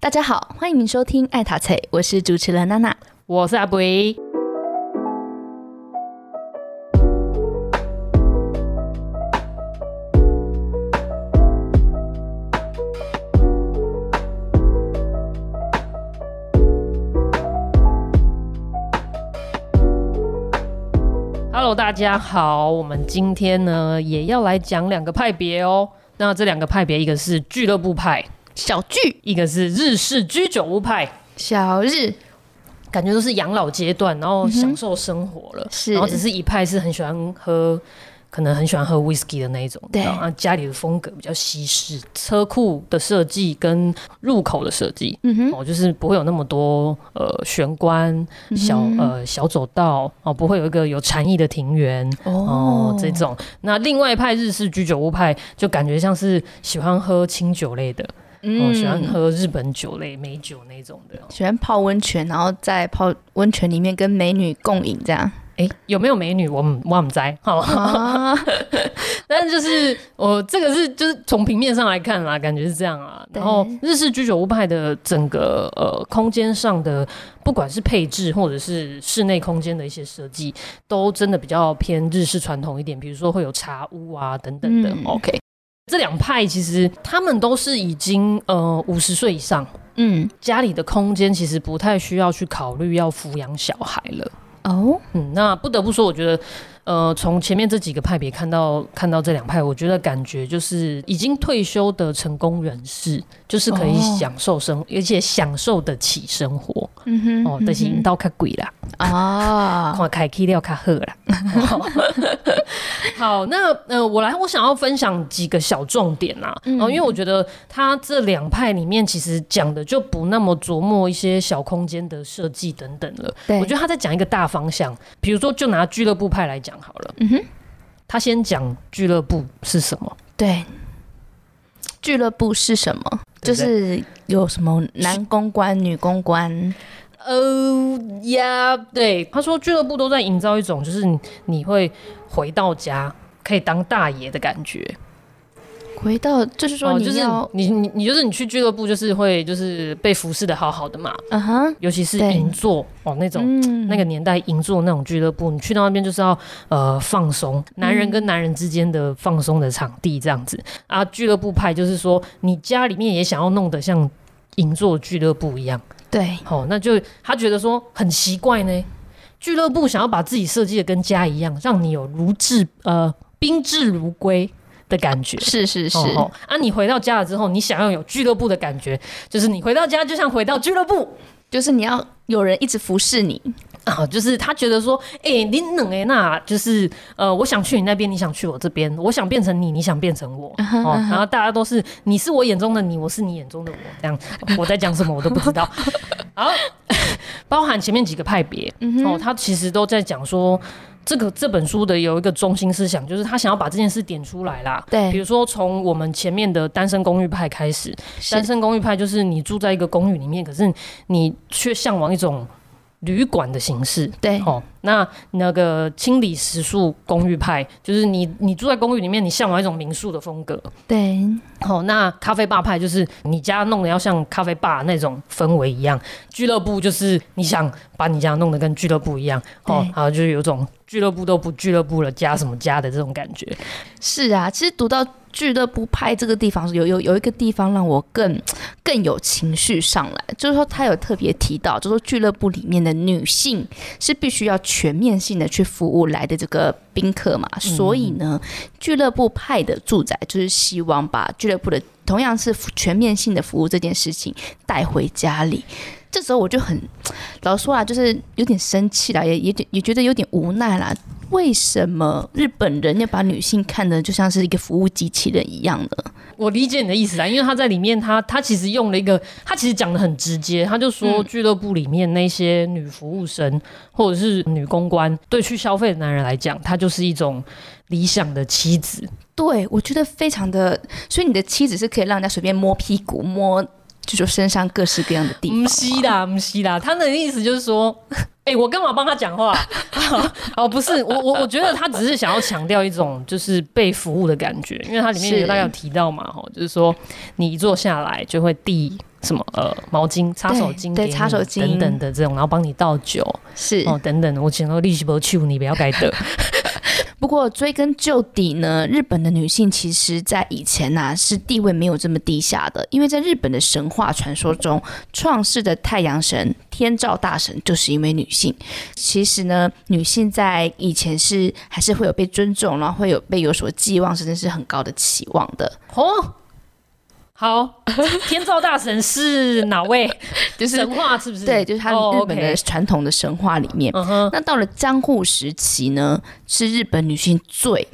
大家好，歡迎收聽《艾讀冊》，我是主持人娜娜，我是阿肥。 Hello，大家好， 我們今天呢也要來講兩個派別哦。那這兩個派別，一個是俱樂部派。小聚，一個是日式居酒屋派，小日，感覺都是養老階段，然後享受生活了。嗯、是，然後只是一派是很喜歡喝，可能很喜歡喝威士忌的那種，對啊，家裡的風格比較西式，車庫的設計跟入口的設計，嗯哼，哦，就是不會有那麼多呃玄關小、嗯、哼呃小走道哦，不會有一個有禪意的庭園哦,哦這種。那另外一派日式居酒屋派，就感覺像是喜歡喝清酒類的。嗯，我、哦、喜歡喝日本酒類、嗯、美酒那種的，喜歡泡溫泉，然後在泡溫泉裡面跟美女共飲這樣。誒、欸，有沒有美女？我我不知道，好。啊、 但是就是 我這個是就是從平面上來看啦，感覺是這樣啊。對然後日式居酒屋派的整個呃空間上的，不管是配置或者是室內空間的一些設計，都真的比較偏日式傳統一點。比如說會有茶屋啊等等的。嗯、OK。這兩派其實他們都是已經呃五十歲以上，嗯，家裡的空間其實不太需要去考慮要撫養小孩了哦。嗯，那不得不說，我覺得呃，從前面這幾個派別看到看到這兩派，我覺得感覺就是已經退休的成功人士，就是可以享受生活，哦、而且享受得起生活。嗯哼，哦，但是到卡貴了啊，看開起了卡好了。 好，那呃，我來，我想要分享幾個小重點啊。嗯，因為我覺得他這兩派裡面，其實講的就不那麼琢磨一些小空間的設計等等了。對我覺得他在講一個大方向。比如說，就拿俱樂部派來講好了。嗯哼，他先講俱樂部是什麼？對，俱樂部是什麼？就是有什麼男公關、是女公關。哦呀，uh, yeah, 對，他說俱樂部都在營造一種，就是你會回到家可以當大爺的感覺。回到就是說你，你、呃、就是你你你就是你去俱樂部，就是會就是被服侍的好好的嘛。嗯哼、uh，huh, 尤其是銀座對哦，那種、嗯、那個年代銀座那種俱樂部，你去到那邊就是要呃放鬆，男人跟男人之間的放鬆的場地這樣子、嗯、啊。俱樂部派就是說，你家裡面也想要弄得像銀座俱樂部一樣。對，好、哦，那就他覺得說很奇怪呢。俱樂部想要把自己設計的跟家一樣，讓你有如至呃賓至如歸的感覺。是是是，哦哦、啊，你回到家了之後，你想要有俱樂部的感覺，就是你回到家就像回到俱樂部，就是你要有人一直服侍你。啊，就是他覺得說，哎、欸，你冷哎，那就是呃，我想去你那邊，你想去我這邊，我想變成你，你想變成我，嗯哼嗯哼哦，然後大家都是你是我眼中的你，我是你眼中的我這樣子。我在講什麼，我都不知道。 好，包含前面幾個派別、嗯、哼哦，他其實都在講說，這個這本書的有一個中心思想，就是他想要把這件事點出來啦。對，比如說從我們前面的單身公寓派開始，是單身公寓派就是你住在一個公寓裡面，可是你卻向往一種。旅館的形式，對，哦。那那個清理食宿公寓派，就是你你住在公寓裡面，你向往一種民宿的風格。對，好、哦，那咖啡吧派就是你家弄得要像咖啡吧那種氛圍一樣。俱樂部就是你想把你家弄得跟俱樂部一樣，哦，好對，就是有種俱樂部都不俱樂部了，家什麼家的這種感覺。是啊，其實讀到俱樂部派這個地方，有有有一個地方讓我更更有情緒上來，就是說他有特別提到，就是、說俱樂部裡面的女性是必須要。全面性的去服務來的這個賓客嘛，所以呢，俱樂部派的住宅就是希望把俱樂部的同樣是全面性的服務這件事情帶回家裡。這時候我就很老實說啦，就是有點生氣啦，也也也覺得有點無奈啦。為什麼日本人要把女性看得就像是一個服務機器人一樣呢？我理解你的意思啦，因為他在裡面他，他他其實用了一個，他其實講得很直接，他就說俱樂部裡面那些女服務生或者是女公關，對去消費的男人來講，她就是一種理想的妻子。對我覺得非常的，所以你的妻子是可以讓人家隨便摸屁股摸。就說身上各式各樣的地方，喔，不是啦，不是啦。他的意思就是說，哎，欸，我幹嘛幫他講話 哦？哦，不是，我我我覺得他只是想要強調一種就是被服務的感覺，因為它裡面有，有大家有提到嘛，哈是，就是說你一坐下來就會遞什麼呃毛巾，擦手，手巾，對擦手巾等等的這種，然後幫你倒酒，是哦等等。我講力氣不夠，去你不要改的。 不過追根究底呢，日本的女性其實，在以前呢、啊、是地位沒有這麼低下的，因為在日本的神話傳說中，創世的太陽神天照大神就是一位女性。其實呢，女性在以前是還是會有被尊重，然後會有被有所寄望，甚至是很高的期望的。Oh! 好，天照大神是哪位？ 就是神話，是不是？對，就是他日本的傳統的神話裡面。Oh, okay. 那到了江戶時期呢，是日本女性最……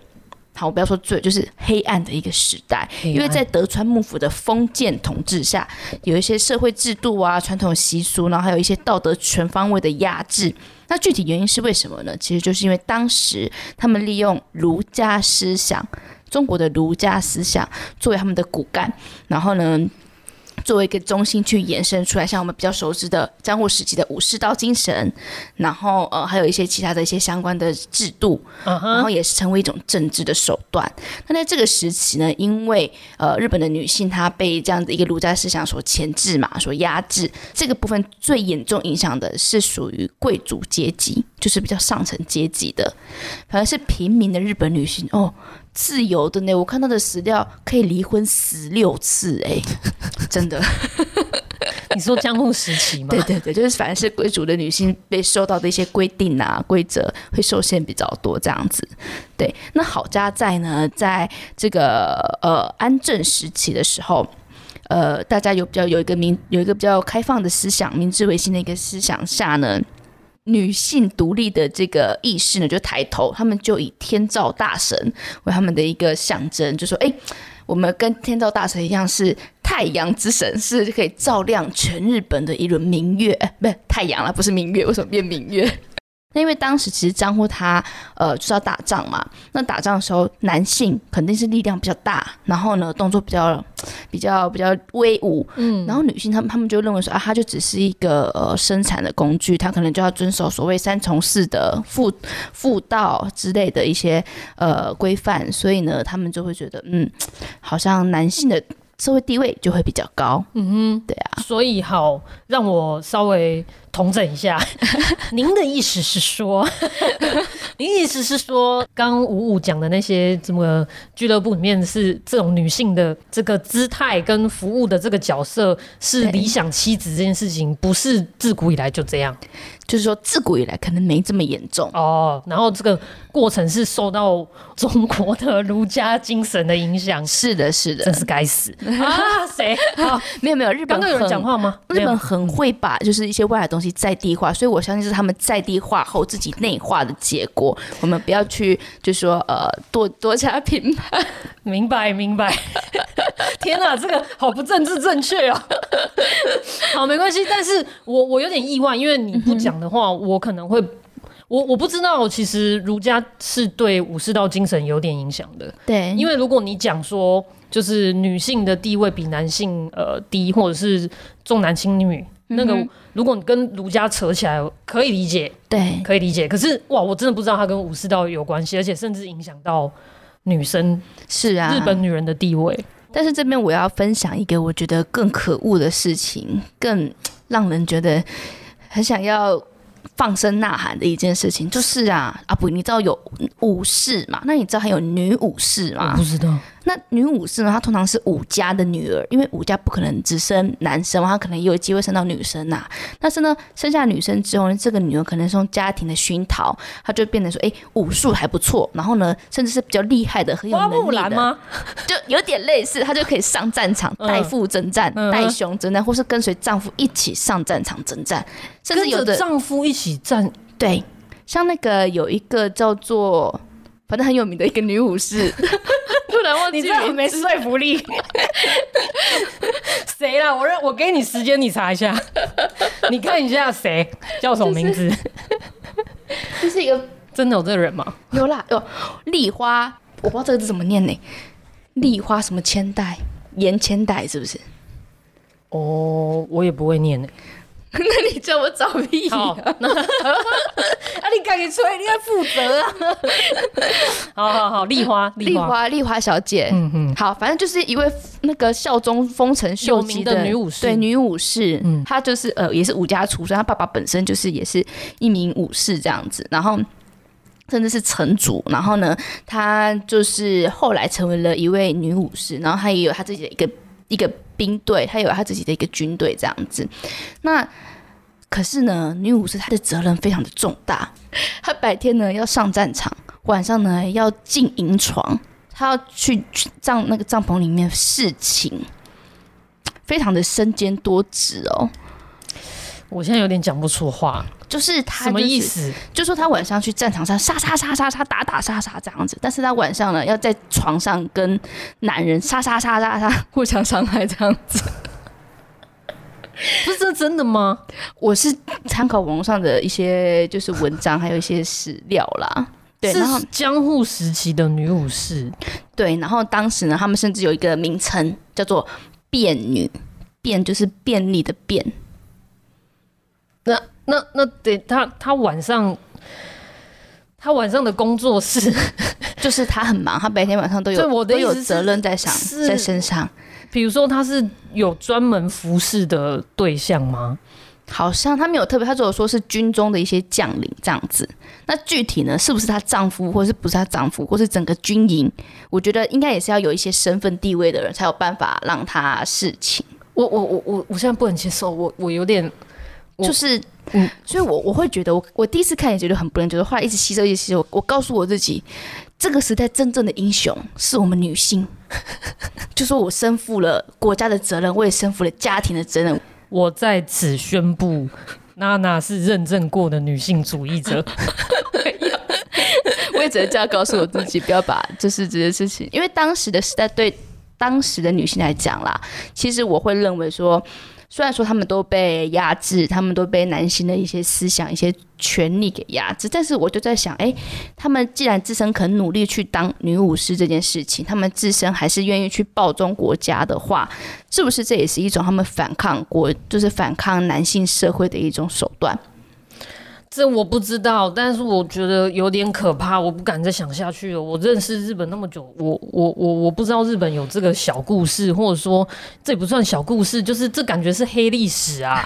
好，我不要說最，就是黑暗的一個時代，因為在德川幕府的封建統治下，有一些社會制度啊、傳統習俗，然後還有一些道德全方位的壓制。那具體原因是為什麼呢？其實就是因為當時他們利用儒家思想。中國的儒家思想作為他們的骨幹，然後呢，作為一個中心去延伸出來，像我們比較熟知的江戶時期的武士道精神，然後呃還有一些其他的一些相關的制度，然後也是成為一種政治的手段。那、uh huh. 在這個時期呢，因為呃日本的女性她被這樣的一個儒家思想所牽制嘛，所壓制，這個部分最嚴重影響的是屬於貴族階級，就是比較上層階級的，反正是平民的日本女性哦。自由的呢，我看到的史料，可以離婚十六次哎、欸， 真的。你說江戶時期嗎？對對對，就是凡是貴族的女性被受到的一些規定啊、 規則會受限比較多這樣子。對，那好家在呢，在這個呃安政時期的時候，呃，大家有比較有一個民有一個比較開放的思想，明治維新的一個思想下呢。女性獨立的這個意識呢，就抬頭，他們就以天照大神為他們的一個象徵，就說：“哎、欸，我們跟天照大神一樣，是太陽之神，是可以照亮全日本的一輪明月，欸、不是太陽了，不是明月，為什麼變明月？”因為當時其實張戶他呃就是要打仗嘛，那打仗的時候男性肯定是力量比較大，然後呢動作比較比較比較威武，嗯，然後女性他們他們就認為說啊，他就只是一個呃生產的工具，他可能就要遵守所謂三從四德的婦婦道之類的一些呃規範，所以呢他們就會覺得嗯，好像男性的社會地位就會比較高，嗯哼，對啊，所以好讓我稍微。重整一下，您的意思是說， 您意思是說，剛五五講的那些，怎麼俱樂部裡面是這種女性的這個姿態跟服務的這個角色是理想妻子這件事情，對不是自古以來就這樣？就是說自古以來可能沒這麼嚴重哦。然後這個過程是受到中國的儒家精神的影響。是的，是的，是的，真是該死對啊！誰？ 沒有沒有，日本剛剛有人講話嗎？日本很會把就是一些外來東西，在地化，所以我相信是他們在地化後自己內化的結果。我們不要去就是說呃多多加評判，明白明白。 天哪、啊，這個好不政治正確哦、啊。 好，沒關係，但是我我有點意外，因為你不講的話，嗯、哼我可能會我我不知道，其實儒家是對武士道精神有點影響的。對，因為如果你講說就是女性的地位比男性呃低，或者是重男輕女。那個，如果你跟儒家扯起來，可以理解，對，可以理解。可是，哇，我真的不知道他跟武士道有關係，而且甚至影響到女生，是啊，日本女人的地位。但是這邊我要分享一個我覺得更可惡的事情，更讓人覺得很想要放聲吶喊的一件事情，就是啊啊不，你知道有武士嘛？那你知道還有女武士嗎？不知道。那女武士呢？她通常是武家的女兒，因為武家不可能只生男生，她可能也有機會生到女生吶、啊。但是呢，生下女生之後，這個女兒可能從家庭的熏陶，她就變成說，哎、欸，武術還不錯。然後呢，甚至是比較厲害的，很有的花木蘭嗎？ 就有點類似，她就可以上戰場代父征戰，代兄、嗯、征戰，或是跟隨丈夫一起上戰場征戰，甚至有的丈夫一起戰。對，像那個有一個叫做反正很有名的一個女武士。 你這我沒說服力。誰 啦？我認我給你時間，你查一下， 你看一下誰叫什麼名字？這是一個真的有這個人嗎？有啦，有麗花，我不知道這個字怎麼念呢？麗花什麼千代言，千代是不是？哦，我也不會念呢、欸。 那你叫我找屁啊！你趕緊出來，你要負責啊！ 好好好，麗花，麗花，麗花，麗花小姐，嗯嗯哼，好，反正就是一位那個效忠豐臣秀吉的，有名的女武士，對，女武士，嗯，她就是呃，也是武家出身，她爸爸本身就是也是一名武士，這樣子，然後甚至是城主，然後呢，她就是後來成為了一位女武士，然後她也有她自己的一個。一個兵隊，他有他自己的一個軍隊這樣子。那可是呢，女武士她的責任非常的重大。她白天呢要上戰場，晚上呢要進營床，她要去，去帳那個帳篷裡面侍寢，非常的身兼多職哦。我現在有點講不出話。就是他什麼意思？就說他晚上去戰場上殺殺殺殺殺，打打殺殺這樣子。但是他晚上呢，要在床上跟男人殺殺殺殺殺，互相傷害這樣子。是這真的嗎？我是參考網上的一些就是文章，還有一些史料啦。對，然後江戶時期的女武士，對，然後當時呢，他們甚至有一個名稱叫做“便女”，“便”就是便利的“便”。那那得他他晚上，他晚上的工作是， 就是他很忙，他白天晚上都有，我都有責任在上在身上。比如說他是有專門服侍的對象嗎？好像他沒有特別，他只有說是軍中的一些將領這樣子。那具體呢，是不是她丈夫，或是不是她丈夫，或是整個軍營？我覺得應該也是要有一些身份地位的人才有辦法讓他侍寢。我我我我我現在不能接受，我我有點。我 就是，嗯、所以我我會覺得我，我我第一次看也覺得很不能覺得，後來一直吸收一直吸收，我，我告訴我自己，這個時代真正的英雄是我們女性， 就說我身負了國家的責任，我也身負了家庭的責任。我在此宣布，娜娜是認證過的女性主義者。 我也只能這樣告訴我自己，不要把就是這件事情，因為當時的時代對當時的女性來講啦，其實我會認為說。雖然說他們都被壓制，他們都被男性的一些思想、一些權力給壓制，但是我就在想，哎、欸，他們既然自身肯努力去當女武士這件事情，他們自身還是願意去報忠國家的話，是不是這也是一種他們反抗國，就是反抗男性社會的一種手段？這我不知道，但是我覺得有點可怕，我不敢再想下去了。我認識日本那麼久，我我我我不知道日本有這個小故事，或者說這也不算小故事，就是這感覺是黑歷史啊！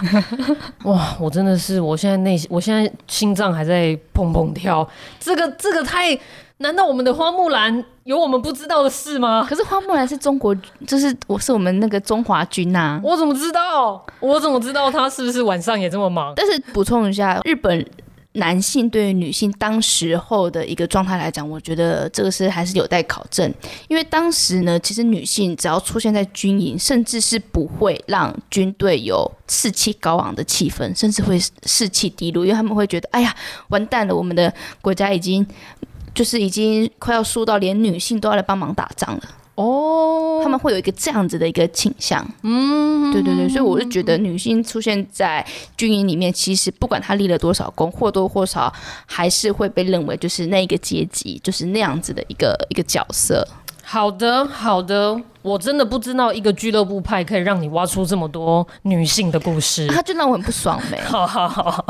哇，我真的是，我現在內心，我現在心臟還在砰砰跳，這個這個太。難道我們的花木蘭有我們不知道的事嗎？可是花木蘭是中國，就是我是我們那個中華軍吶、啊。 我怎麼知道？我怎麼知道他是不是晚上也這麼忙？但是補充一下，日本男性對於女性當時候的一個狀態來講，我覺得這個是還是有待考證。因為當時呢，其實女性只要出現在軍營，甚至是不會讓軍隊有士氣高昂的氣氛，甚至會士氣低落，因為他們會覺得：哎呀，完蛋了，我們的國家已經。就是已經快要輸到連女性都要來幫忙打仗了哦，oh、他們會有一個這樣子的一個傾向，嗯、mm，hmm. 對對對，所以我就覺得女性出現在軍營裡面，mm hmm. 其實不管她立了多少功，或多或少還是會被認為就是那一個階級，就是那樣子的一個一個角色。好的，好的。我真的不知道一個俱樂部派可以讓你挖出這麼多女性的故事，啊、他就讓我很不爽唄。 好好好，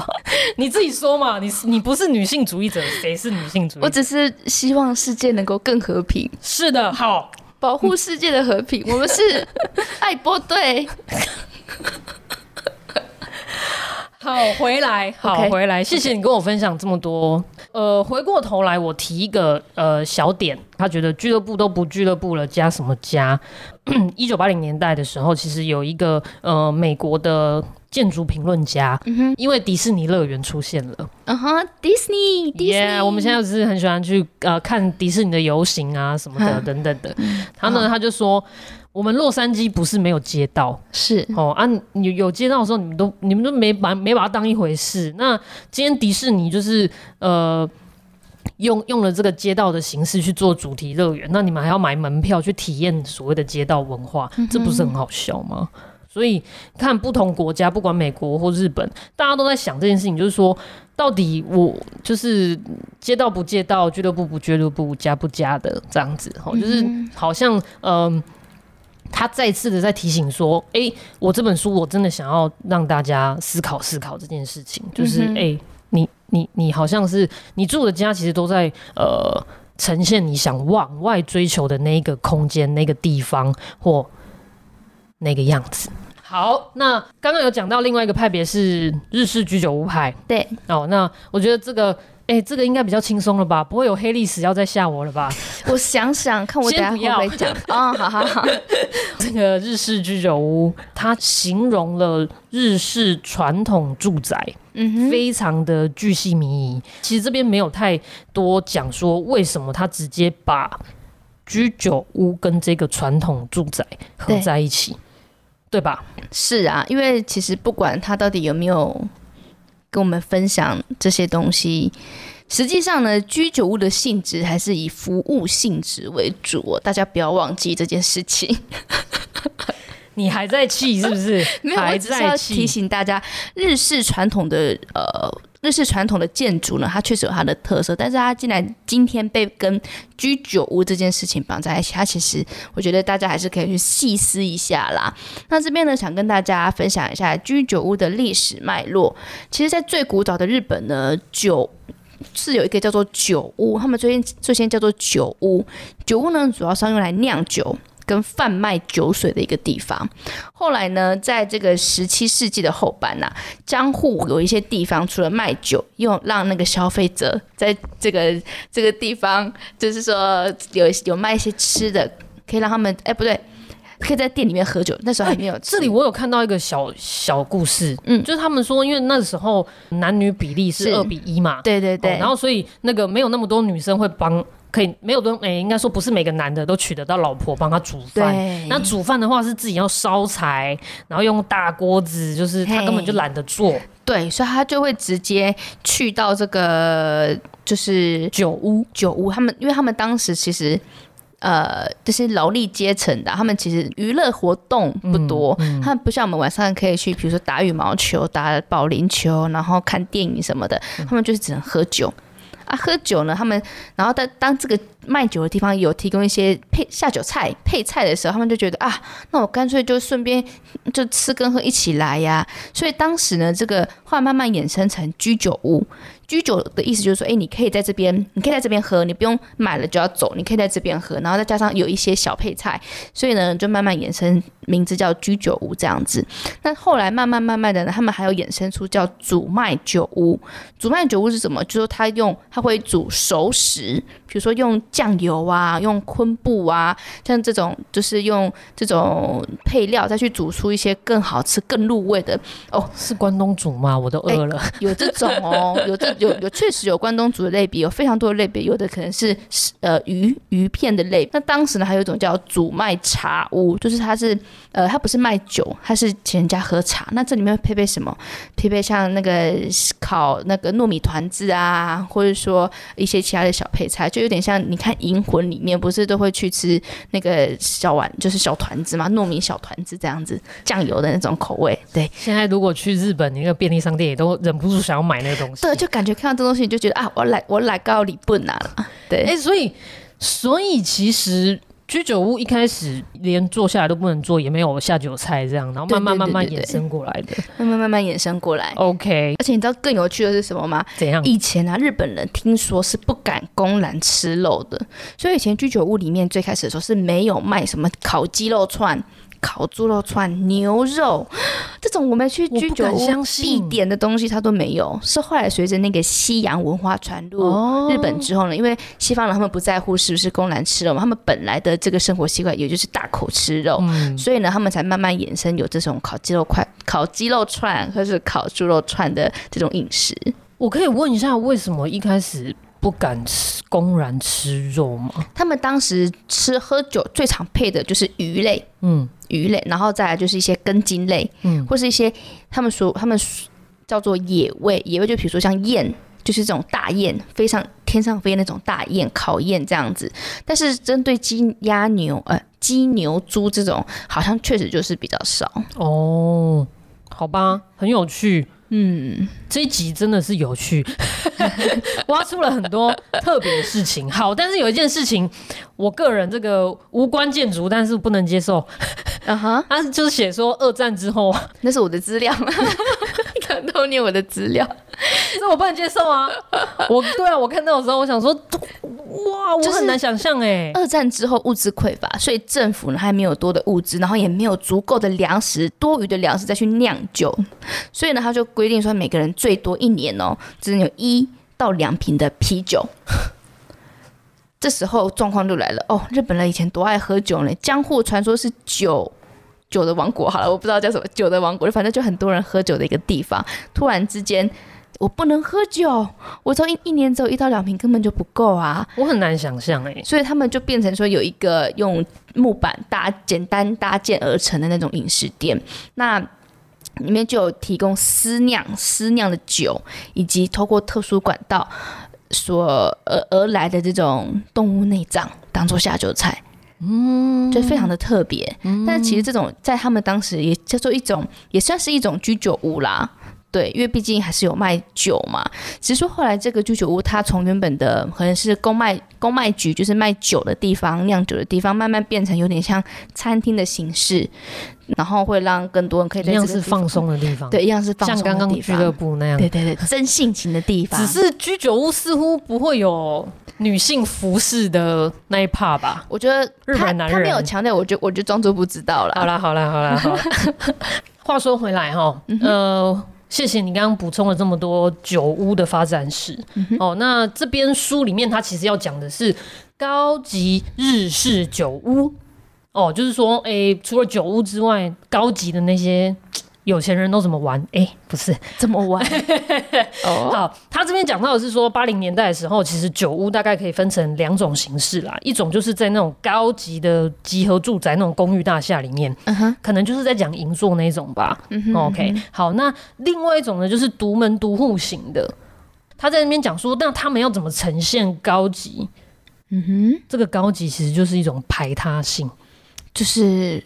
你自己說嘛，你你不是女性主義者，誰是女性主義者？我只是希望世界能夠更和平。是的，好，保護世界的和平，你 我們是艾波隊。 好回來，okay, 好回來，謝謝，謝謝你跟我分享這麼多。呃，回過頭來，我提一個呃小點，他覺得俱樂部都不俱樂部了，家什麼家？一九八零年代的時候，其實有一個呃美國的建築評論家，嗯、哼因為迪士尼樂園出現了，啊哈、uh，迪士尼，迪士尼，我們現在就是很喜歡去呃看迪士尼的遊行啊什麼的 Huh? 等等的。他呢，uh huh. 他就說。我們洛杉磯不是沒有街道，是哦啊，有有街道的時候，你們都你們都沒把沒把它當一回事。那今天迪士尼就是呃，用用了這個街道的形式去做主題樂園，那你們還要買門票去體驗所謂的街道文化，嗯、哼這不是很好笑嗎？所以看不同國家，不管美國或日本，大家都在想這件事情，就是說到底我就是街道不街道，俱樂部不俱樂部，家不家的這樣子，哦，就是好像嗯哼。呃他再次的在提醒說：“哎、欸，我這本書我真的想要讓大家思考思考這件事情，就是哎、嗯哼欸，你你你好像是你住的家其實都在呃呈現你想往外追求的那個空間、那個地方或那個樣子。”好，那剛剛有講到另外一個派別是日式居酒屋派，對哦，那我覺得這個。哎、欸，這個應該比較輕鬆了吧？不會有黑歷史要再嚇我了吧？我想想看，我等下會不會講？不 哦，好好好，這個日式居酒屋，它形容了日式傳統住宅，嗯哼，非常的巨細靡遺、嗯、哼其實這邊沒有太多講說為什麼他直接把居酒屋跟這個傳統住宅合在一起，對，對吧？是啊，因為其實不管他到底有沒有。跟我們分享這些東西，實際上呢，居酒屋的性質還是以服務性質為主，哦，大家不要忘記這件事情。 你還在氣是不是？你 還在氣。沒有，我只是要提醒大家，日式傳統的呃。日式傳統的建築呢，它確實有它的特色，但是它竟然今天被跟居酒屋這件事情綁在一起，它其實我覺得大家還是可以去細思一下啦。那這邊呢，想跟大家分享一下居酒屋的歷史脈絡。其實，在最古早的日本呢，酒是有一個叫做酒屋，他們最先最先叫做酒屋。酒屋呢，主要是用來釀酒，跟販賣酒水的一個地方，後來呢，在這個十七世紀的後半吶、啊，江戶有一些地方除了賣酒，又讓那個消費者在這個這個地方，就是說有有賣一些吃的，可以讓他們哎、欸、不對，可以在店裡面喝酒。那時候還沒有、欸。這裡我有看到一個小小故事，嗯，就是他們說，因為那時候男女比例是二比一嘛，對對對、哦，然後所以那個沒有那麼多女生會幫。可以沒有都誒、欸，應該說不是每個男的都娶得到老婆幫他煮飯。對那煮飯的話是自己要燒柴，然後用大鍋子，就是他根本就懶得做。對，所以他就會直接去到這個，就是酒屋。酒屋，他們因為他們當時其實呃，就是勞力階層的，他們其實娛樂活動不多。嗯。嗯他們不像我們晚上可以去，比如說打羽毛球、打保齡球，然後看電影什麼的。嗯、他們就是只能喝酒。啊，喝酒呢，他們，然後在當這個賣酒的地方有提供一些配下酒菜配菜的時候，他們就覺得啊，那我乾脆就順便就吃跟喝一起來呀、啊。所以當時呢，這個話慢慢衍生成居酒屋。居酒的意思就是說，誒、欸，你可以在這邊，你可以在這邊喝，你不用買了就要走，你可以在這邊喝，然後再加上有一些小配菜，所以呢，就慢慢衍生，名字叫居酒屋這樣子。那後來慢慢慢慢的呢，他們還有衍生出叫煮賣酒屋。煮賣酒屋是什麼？就是說他用他會煮熟食，比如說用醬油啊，用昆布啊，像這種就是用這種配料再去煮出一些更好吃、更入味的。哦，是關東煮嗎？我都餓了、欸。有這種哦，有這種。有有確實有關東煮的類別，有非常多的類別，有的可能是呃魚魚片的類。那當時呢，還有一種叫煮賣茶屋，就是它是。呃，它不是賣酒，它是請人家喝茶。那這裡面配備什麼？配備像那個烤那個糯米團子啊，或者說一些其他的小配菜，就有點像你看《銀魂》裡面，不是都會去吃那個小碗，就是小團子嘛，糯米小團子這樣子，醬油的那種口味。對，現在如果去日本，你那個便利商店也都忍不住想要買那個東西。對，就感覺看到這東西就覺得啊，我來，我來到日本了啦。對，哎、欸，所以，所以其實。居酒屋一開始連坐下來都不能坐，也沒有下酒菜這樣，然後慢慢慢慢延伸過來的，對對對對對，慢慢慢慢延伸過來。OK，而且你知道更有趣的是什麼嗎？怎樣？以前啊，日本人聽說是不敢公然吃肉的，所以以前居酒屋裡面最開始的時候是沒有賣什麼烤雞肉串。烤豬肉串、牛肉，這種我們去居酒屋必點的東西，它都沒有。是後來隨着那個西洋文化傳入、哦、日本之後呢，因為西方人他們不在乎是不是公然吃肉嘛，他們本來的這個生活習慣也就是大口吃肉，嗯、所以呢，他們才慢慢衍生有這種烤雞肉塊、烤雞肉串，或是烤豬肉串的這種飲食。我可以問一下，為什麼一開始不敢吃公然吃肉嗎？他們當時吃喝酒最常配的就是魚類，嗯。魚類，然後再來就是一些根莖類，嗯，或是一些他們說他們叫做野味，野味就比如說像雁，就是這種大雁，飛上天上飛燕那種大雁，烤雁這樣子。但是針對雞、鴨、牛，呃，雞、牛、豬這種，好像確實就是比較少。哦，好吧，很有趣。嗯，這一集真的是有趣， 挖出了很多特別的事情。好，但是有一件事情，我個人這個無關建築，但是不能接受。啊哈、uh，他、huh. 就是寫說二戰之後， 那是我的資料， 偷偷念我的資料，那 我不能接受啊。我對啊，我看到的時候，我想說。哇，我很難想象哎、欸！二戰之後物資匱乏，所以政府呢還沒有多的物資，然後也沒有足夠的糧食，多餘的糧食再去釀酒，所以呢他就規定說每個人最多一年哦、喔，只能有一到兩瓶的啤酒。 這時候狀況就來了哦，日本人以前多愛喝酒呢，江戶傳說是酒酒的王國，好了，我不知道叫什麼酒的王國，反正就很多人喝酒的一個地方，突然之間。我不能喝酒，我從一一年只有一到兩瓶，根本就不夠啊！我很難想象哎、欸。所以他們就變成說，有一個用木板搭、簡單搭建而成的那種飲食店，那裡面就有提供私釀私釀的酒，以及透過特殊管道所而而來的這種動物內臟當做下酒菜，嗯，就非常的特別。嗯、但是其實這種在他們當時也叫做一種，也算是一種居酒屋啦。對，因為畢竟還是有賣酒嘛。只是說後來這個居酒屋，它從原本的可能是公賣、公賣局就是賣酒的地方、釀酒的地方，慢慢變成有點像餐廳的形式，然後會讓更多人可以這一樣是放鬆的地方。對，一樣是放鬆的地方，像剛剛俱樂部那樣。對對對，真性情的地方。 只是居酒屋似乎不會有女性服飾的那一 part 吧？我覺得日本人、啊。他沒有強調，我就我就裝作不知道了。好啦好啦好啦好。 話說回來哈，呃、嗯。謝謝你剛剛補充了這麼多酒屋的發展史，嗯、哼哦，那這邊書裡面它其實要講的是高級日式酒屋哦，就是說，誒、欸，除了酒屋之外，高級的那些。有錢人都怎麼玩？哎、欸，不是怎麼玩。哦， oh. 好，他這邊講到的是說，八零年代的時候，其實酒屋大概可以分成兩種形式啦。一種就是在那種高級的集合住宅、那種公寓大廈裡面，uh huh. 可能就是在講銀座那種吧。Uh huh. OK，好，那另外一種呢，就是獨門獨戶型的。他在那邊講說，那他們要怎麼呈現高級？嗯哼、uh，huh. 這個高級其實就是一種排他性，就是。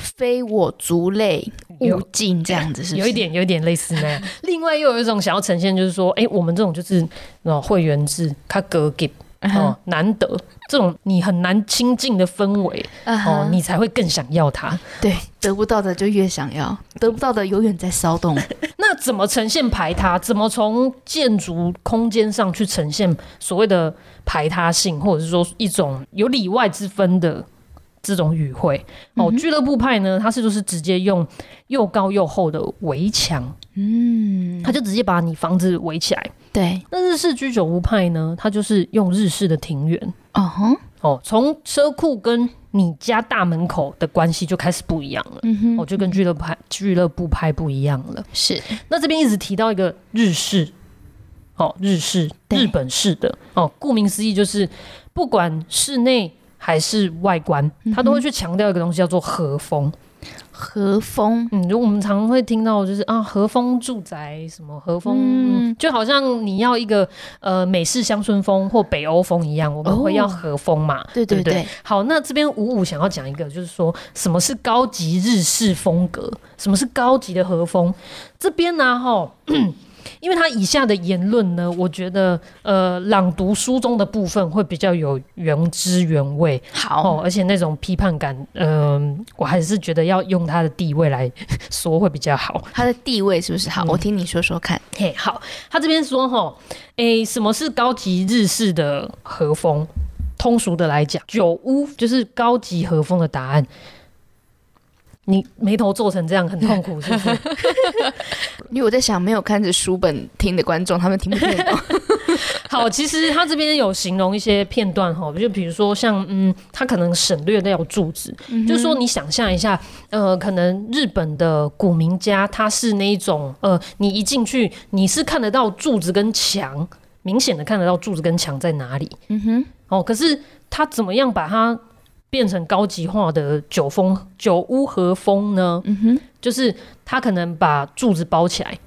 非我族類，無盡。這樣子是，是有，有一點，有一點類似呢。 另外，又有一種想要呈現，就是說，哎、欸，我們這種就是那種會員制，他給給哦，難得這種你很難親近的氛圍哦、uh huh. 嗯，你才會更想要它。Uh huh. 對，得不到的就越想要，得不到的永遠在騷動。 那怎麼呈現排他？怎麼從建築空間上去呈現所謂的排他性，或者是說一種有裡外之分的？這種語彙哦，嗯、哼俱樂部派呢，它是不是直接用又高又厚的圍牆？嗯，他就直接把你房子圍起來。對，那日式居酒屋派呢，它就是用日式的庭院哦，哼哦，從車庫跟你家大門口的關係就開始不一樣了。嗯、哼哦，就跟俱樂部派，俱樂部派不一樣了。是，那這邊一直提到一個日式，哦，日式日本式的對哦，顧名思義就是不管室內。還是外觀，嗯、哼他都會去強調一個東西叫做和風。和風，嗯，如果我們常會聽到就是啊，和風住宅，什麼和風，嗯嗯、就好像你要一個呃美式鄉村風或北歐風一樣，我們會要和風嘛，哦、對，對對對。好，那這邊五五想要講一個，就是說什麼是高級日式風格，什麼是高級的和風？這邊呢、啊，哈。因為他以下的言論呢，我覺得呃，朗讀書中的部分會比較有原汁原味，好、哦、而且那種批判感，嗯、呃，我還是覺得要用他的地位來說會比較好。他的地位是不是好？嗯、我聽你說說看。嘿，好，他這邊說哈、哦，誒，什麼是高級日式的和風？通俗的來講，酒屋就是高級和風的答案。你眉頭皺成這樣很痛苦，是不是？ 因為我在想，沒有看着書本聽的觀眾，他們聽不聽得懂 好，其實他這邊有形容一些片段哈，就比如說像嗯，他可能省略掉柱子，嗯、哼就是說你想象一下，呃，可能日本的古民家，他是那一種呃，你一進去，你是看得到柱子跟牆，明顯的看得到柱子跟牆在哪裡。嗯哼。哦，可是他怎麼樣把它？變成高級化的酒風酒屋和風呢？嗯、哼就是它可能把柱子包起來，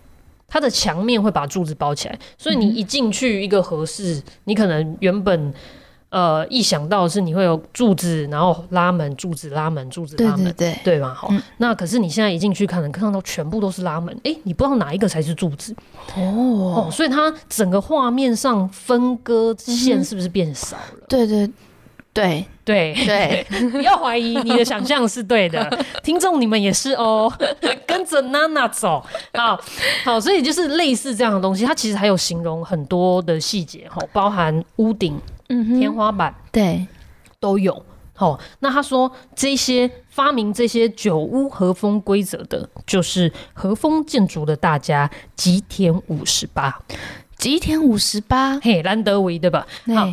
它的牆面會把柱子包起來，所以你一進去一個和室，嗯、你可能原本呃一想到是你會有柱子，然後拉門柱子拉門柱子拉門，拉門對對嘛？好嗎，嗯、那可是你現在一進去看，能看到全部都是拉門，哎、欸，你不知道哪一個才是柱子哦，哦，所以它整個畫面上分割線是不是變少了？嗯、對，對對。對對對，對對，不要懷疑，你的想象是對的， 聽眾你們也是哦， 跟着娜娜走，好好，所以就是類似這樣的東西，它其實還有形容很多的細節哈，包含屋頂、天花板，嗯、對，都有、哦。那他說這些發明這些九屋和風規則的，就是和風建築的大家吉田五十八。吉田五十八，嘿，蘭德維對吧？對好，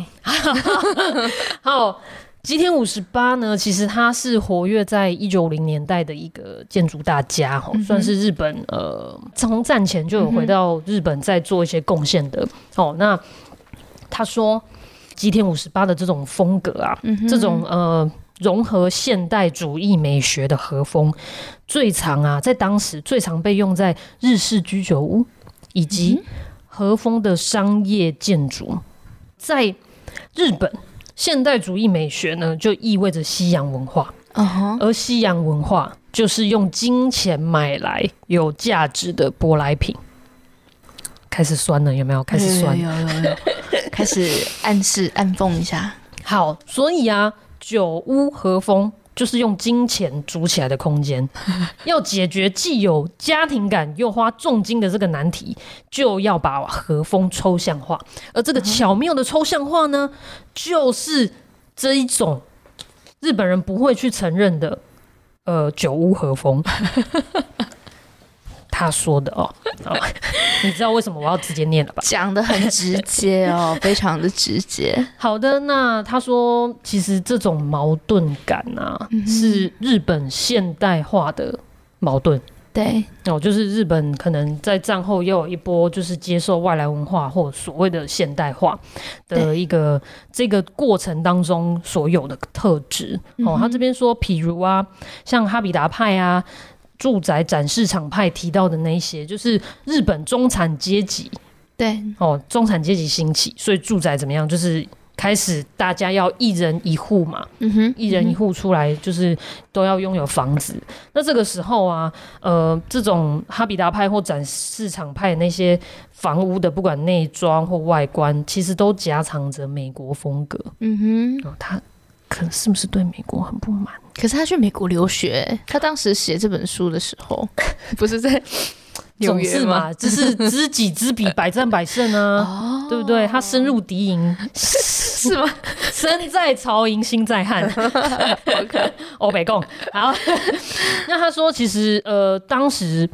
好。吉田五十八呢，其實他是活躍在一九零年代的一個建築大家，嗯、哼算是日本呃，從戰前就有回到日本在做一些貢獻的。嗯、哼哦，那他說吉田五十八的這種風格啊，嗯、哼這種呃融合現代主義美學的和風，最常啊，在當時最常被用在日式居酒屋以及、嗯。和風的商業建築，在日本，現代主義美學呢，就意味着西洋文化。Uh huh. 而西洋文化就是用金錢買來有價值的舶來品。開始酸了，有沒有？開始酸，有有有，開始暗示暗諷一下。好，所以啊，酒屋和風。就是用金錢組起來的空間， 要解決既有家庭感又花重金的這個難題，就要把和風抽象化，而這個巧妙的抽象化呢，嗯、就是這一種日本人不會去承認的，呃，酒屋和風。 他說的哦， 你知道為什麼我要直接念了吧？講得很直接哦， 非常的直接。好的，那他說，其實這種矛盾感啊，嗯、哼是日本現代化的矛盾。對哦，就是日本可能在戰後又有一波，就是接受外來文化或所謂的現代化的一個對這個過程當中所有的特質、嗯、哼哦。他這邊說，譬如啊，像哈比達派啊。住宅展示場派提到的那一些，就是日本中產階級，對，哦，中產階級興起，所以住宅怎麼樣，就是開始大家要一人一戶嘛，嗯哼，一人一戶出來，就是都要擁有房子。嗯哼，那這個時候啊，呃，這種哈比達派或展示場派那些房屋的，不管內裝或外觀，其實都夾藏着美國風格，嗯哼，哦，他。可能是不是對美國很不滿？可是他去美國留學，他當時寫這本書的時候，不是在紐約嗎？只是，就是知己知彼，百戰百勝啊， 哦、對不對？他深入敵營， 是嗎？身在曹營心在漢。 OK 歐北共，好。 那他說，其實呃，當時。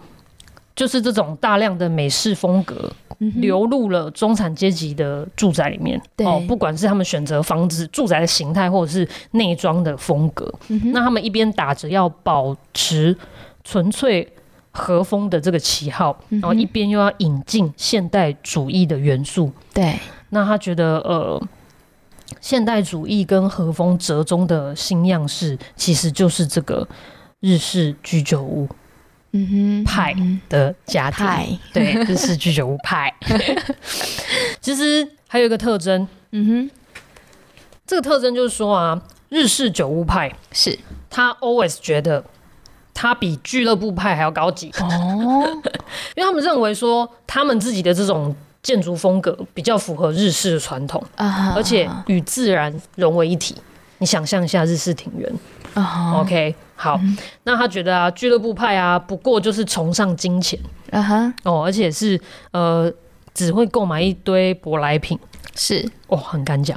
就是這種大量的美式風格流入了中產階級的住宅裡面，嗯、哦，不管是他們選擇房子住宅的形態，或者是內裝的風格，嗯、哼那他們一邊打着要保持純粹和風的這個旗號，嗯、哼然後一邊又要引進現代主義的元素，對，那他覺得呃，現代主義跟和風折中的新樣式，其實就是這個日式居酒屋。嗯哼，派的家庭派對 日式居酒屋派， 其實還有一個特徵，嗯哼，這個特徵就是說啊，日式居酒屋派是他 always 覺得他比俱樂部派還要高級哦， 因為他們認為說他們自己的這種建築風格比較符合日式的傳統，啊、而且與自然融為一體。你想象一下日式庭園。OK，好，那他覺得啊，俱樂部派啊，不過就是崇尚金錢，啊哈，哦，而且是呃，只會購買一堆舶來品，是，哦，很敢講。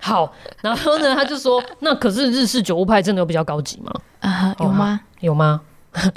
好，然後呢，他就說，那可是日式酒屋派真的有比較高級嗎？啊，有嗎？有嗎？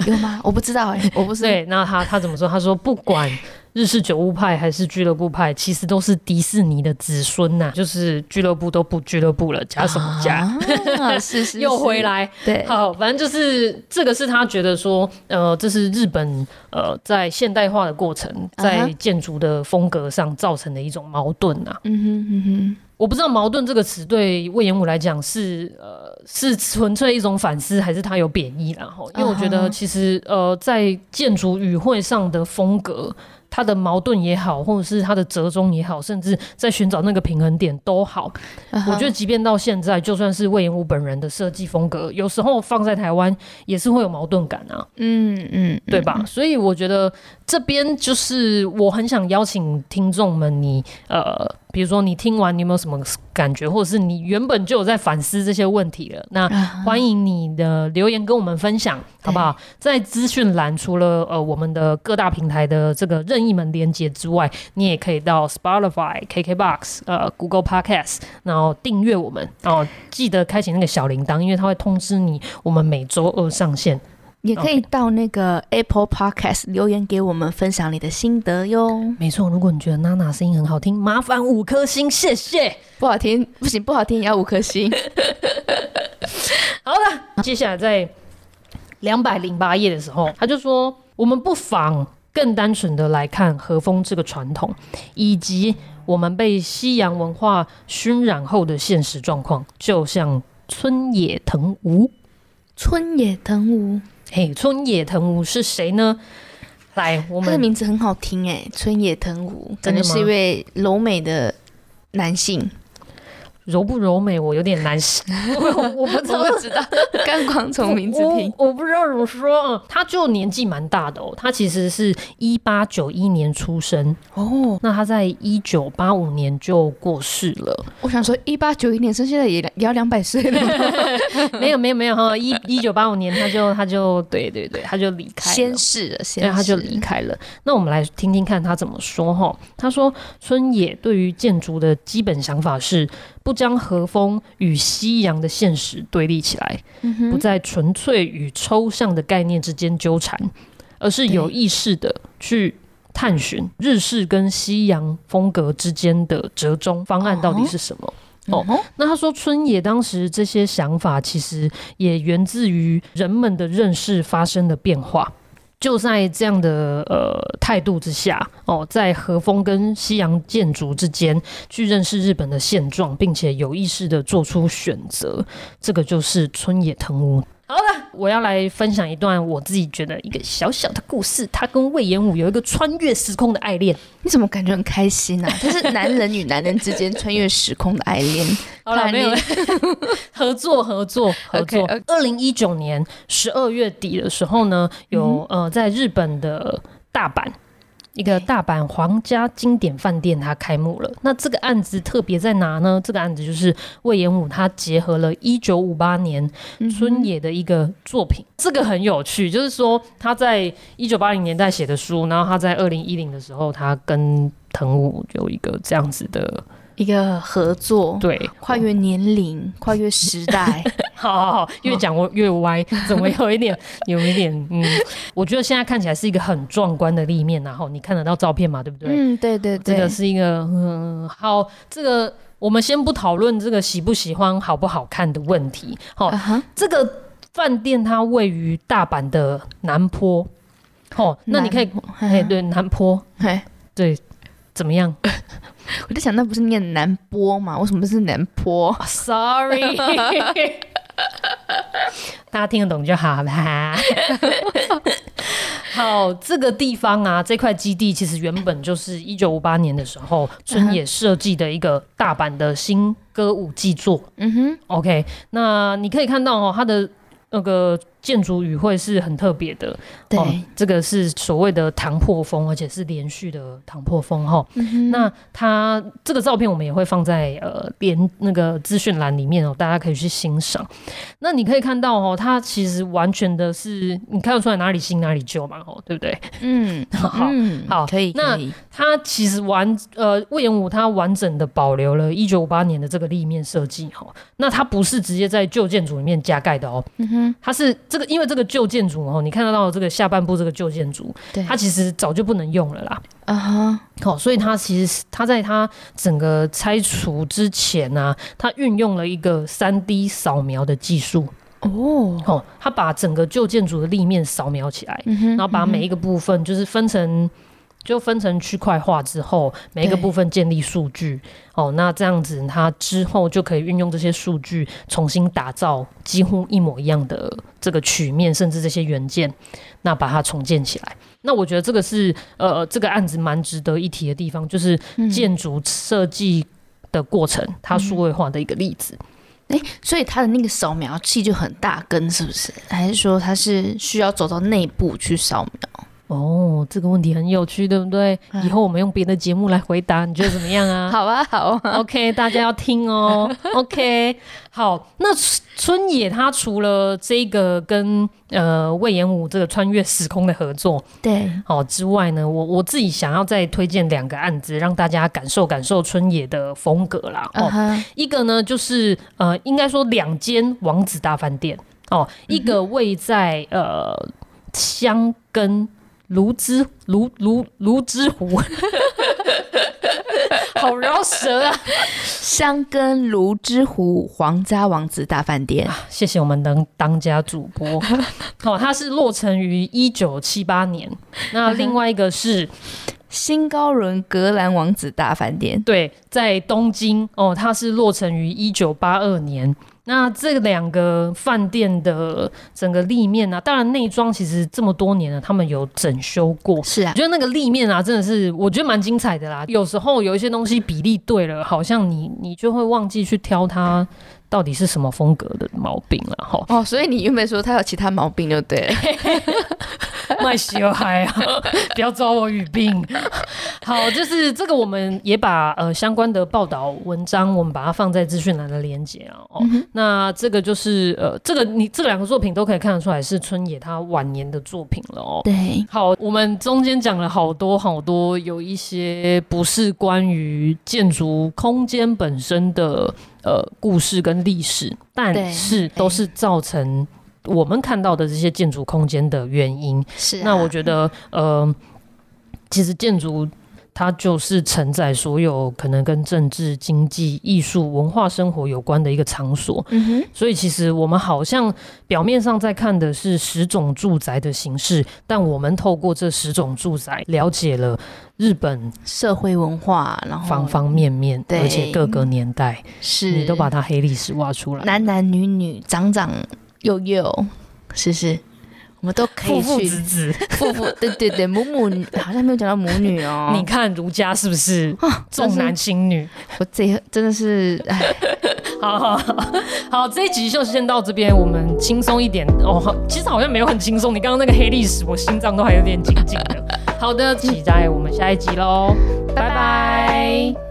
有嗎？我不知道哎，我不是。對，那他他怎麼說？他說不管。日式酒屋派還是俱樂部派，其實都是迪士尼的子孫吶、啊。就是俱樂部都不俱樂部了，家什麼家？但、啊、 是，是，是又回來，對，好，反正就是這個是他覺得說，呃，這是日本呃在現代化的過程，在建築的風格上造成的一種矛盾啊。嗯哼嗯哼，huh. 我不知道“矛盾”這個詞對隈研吾來講是呃是純粹一種反思，還是他有貶義？然後，因為我覺得其實呃在建築語彙上的風格。他的矛盾也好，或者是他的折中也好，甚至在尋找那個平衡點都好，uh huh. 我覺得即便到現在，就算是隈研吾本人的設計風格，有時候放在台灣也是會有矛盾感啊。嗯嗯，吧嗯嗯，對吧？所以我覺得這邊就是我很想邀請聽眾們你，你呃。比如說，你聽完你有沒有什麼感覺？或者是你原本就有在反思這些問題了？那歡迎你的留言跟我們分享，uh huh. 好不好？在資訊欄，除了呃我們的各大平台的這個任意門連結之外，你也可以到 Spotify、呃、KKBOX、呃 Google Podcast，然後訂閱我們，然後記得開啟那個小鈴鐺，因為它會通知你我們每周二上線。也可以到那個 Apple Podcast 留言給我們分享你的心得喲。Okay. 沒錯，如果你覺得娜娜聲音很好聽，麻煩五顆星，謝謝。不好聽不行，不好聽也要五顆星。 好了，接下來在兩百零八頁的時候，他就說：“我們不妨更單純的來看和風這個傳統，以及我們被西洋文化熏染後的現實狀況。”就像村野藤吾，村野藤吾。嘿，村野藤吾是誰呢？來，我們這個名字很好聽哎、欸，村野藤吾感覺是一位柔美的男性。柔不柔美，我有點難說。 我不知道我不知道，干光從名字聽我，我不知道怎麼說啊。他就年紀蠻大的哦，他其實是一八九一年出生哦。那他在一九八五年就過世了。我想說，一八九一年生，現在也兩也要兩百歲了 沒。沒有沒有沒有哈，一一九八五年他就他就,他就 對,對對對，他就離開先逝了，先逝了，然後他就離開了。那我們來聽聽看他怎麼說哈。他說，村野對於建築的基本想法是。不將和風與西洋的現實對立起來，不在純粹與抽象的概念之間糾纏，而是有意識的去探尋日式跟西洋風格之間的折中方案到底是什麼。哦，那他說村野當時這些想法其實也源自於人們的認識發生的變化。就在這樣的呃態度之下，哦，在和風跟西洋建築之間去認識日本的現狀，並且有意識的做出選擇，這個就是村野藤吾。好了，我要來分享一段我自己覺得一個小小的故事，他跟隈研吾有一個穿越時空的愛戀。你怎麼感覺很開心呢、啊？就是男人與男人之間穿越時空的愛戀， 好了沒有了 合作，合作，合作。二零一九年十二月底的時候呢，有呃，在日本的大阪。一個大阪皇家經典飯店，他開幕了。Okay. 那這個案子特別在哪呢？這個案子就是隈研吾他結合了1958年村野的一個作品，嗯、哼這個很有趣，就是說他在1980年代寫的書，然後他在2010的時候，他跟藤吾有一個這樣子的。一個合作，對，跨越年齡，跨越時代，好好好，越講我越歪，怎麼有一點，有一點，嗯，我覺得現在看起來是一個很壯觀的立面，然後你看得到照片嘛，對不對？嗯，對對對，這個是一個嗯，好，這個我們先不討論這個喜不喜歡、好不好看的問題，好，這個飯店它位於大阪的難波，哦，那你可以，哎，對，難波，哎，對。怎麼樣？我在想，那不是念南波嗎？為什麼是南坡？oh，Sorry， 大家聽得懂就好啦。 好，這個地方啊，這塊基地其實原本就是一九五八年的時候，村野設計的一個大阪的新歌舞伎座。嗯哼，OK，那你可以看到哦，它的那個。建築語彙是很特別的，對、哦，這個是所謂的唐破風，而且是連續的唐破風哈。哦嗯、哼那它這個照片我們也會放在呃連那個資訊欄裡面哦，大家可以去欣賞。那你可以看到哦，它其實完全的是你看得出來哪裡新哪裡舊嘛，吼、哦，對不對？嗯， 好，嗯、好，可以。那它其實完呃，隈研吾他完整的保留了一九五八年的這個立面設計哈、哦。那它不是直接在舊建築裡面加蓋的哦，嗯、哼它是。因為這個舊建築哦，你看得到這個下半部這個舊建築，對它其實早就不能用了啦。啊哈、uh，好、huh. 哦，所以它其實它在它整個拆除之前呢、啊，它運用了一個三 D 掃描的技術。哦，oh. 哦，它把整個舊建築的立面掃描起來，mm hmm. 然後把每一個部分就是分成。就分成區塊化之後，每一個部分建立數據對哦，那這樣子它之後就可以運用這些數據重新打造幾乎一模一樣的這個曲面，甚至這些元件，那把它重建起來。那我覺得這個是呃，這個案子蠻值得一提的地方，就是建築設計的過程、嗯、它數位化的一個例子。嗯欸、所以它的那個掃描器就很大根是不是？還是說它是需要走到內部去掃描？哦，這個問題很有趣，對不對？啊、以後我們用別的節目來回答，你覺得怎麼樣啊？好啊，好啊。OK，大家要聽哦。 OK，好。那村野他除了這個跟呃隈研吾這個穿越時空的合作，對，哦之外呢，我我自己想要再推薦兩個案子，讓大家感受感受村野的風格啦。哦，uh huh. 一個呢就是呃，應該說兩間王子大飯店哦，一個位在、嗯、哼呃箱根。蘆之蘆蘆蘆之湖， 好饒舌啊！箱根蘆之湖皇家王子大飯店，啊，謝謝我們能當家主播。哦，它是落成於一九七八年。那另外一個是新高輪格蘭王子大飯店，對，在東京哦，它是落成於一九八二年。那這兩個飯店的整個立面呢、啊？當然內裝其實這麼多年了，他們有整修過。是啊，我覺得那個立面啊，真的是我覺得蠻精彩的啦。有時候有一些東西比例對了，好像你你就會忘記去挑它到底是什麼風格的毛病了齁。哦，所以你又沒說它有其他毛病就對了 賣笑嗨啊！不要抓我語病。 好，就是這個，我們也把呃相關的報道文章，我們把它放在資訊欄的連結啊、哦。嗯、哼那這個就是呃，這個你這兩個作品都可以看得出來是村野他晚年的作品了哦。對。好，我們中間講了好多好多，有一些不是關於建築空間本身的呃故事跟歷史，但是都是造成。我們看到的這些建築空間的原因，是、啊、那我覺得，呃，其實建築它就是承載所有可能跟政治、經濟、藝術、文化、生活有關的一個場所。嗯、哼，所以其實我們好像表面上在看的是十種住宅的形式，但我們透過這十種住宅了解了日本方方面面社會文化，然後方方面面，而且各個年代，是對你都把它黑歷史挖出來，男男女女長長有有，yo yo，是是，我們都可以去。子子，父父 對對對，母母好像沒有講到母女哦。 你看儒家是不是重男輕女？我這真的是，好好好，好，這一集就先到這邊，我們輕鬆一點哦。其實好像沒有很輕鬆，你剛剛那個黑歷史，我心臟都還有點緊緊的。 好的，期待我們下一集嘍，拜拜。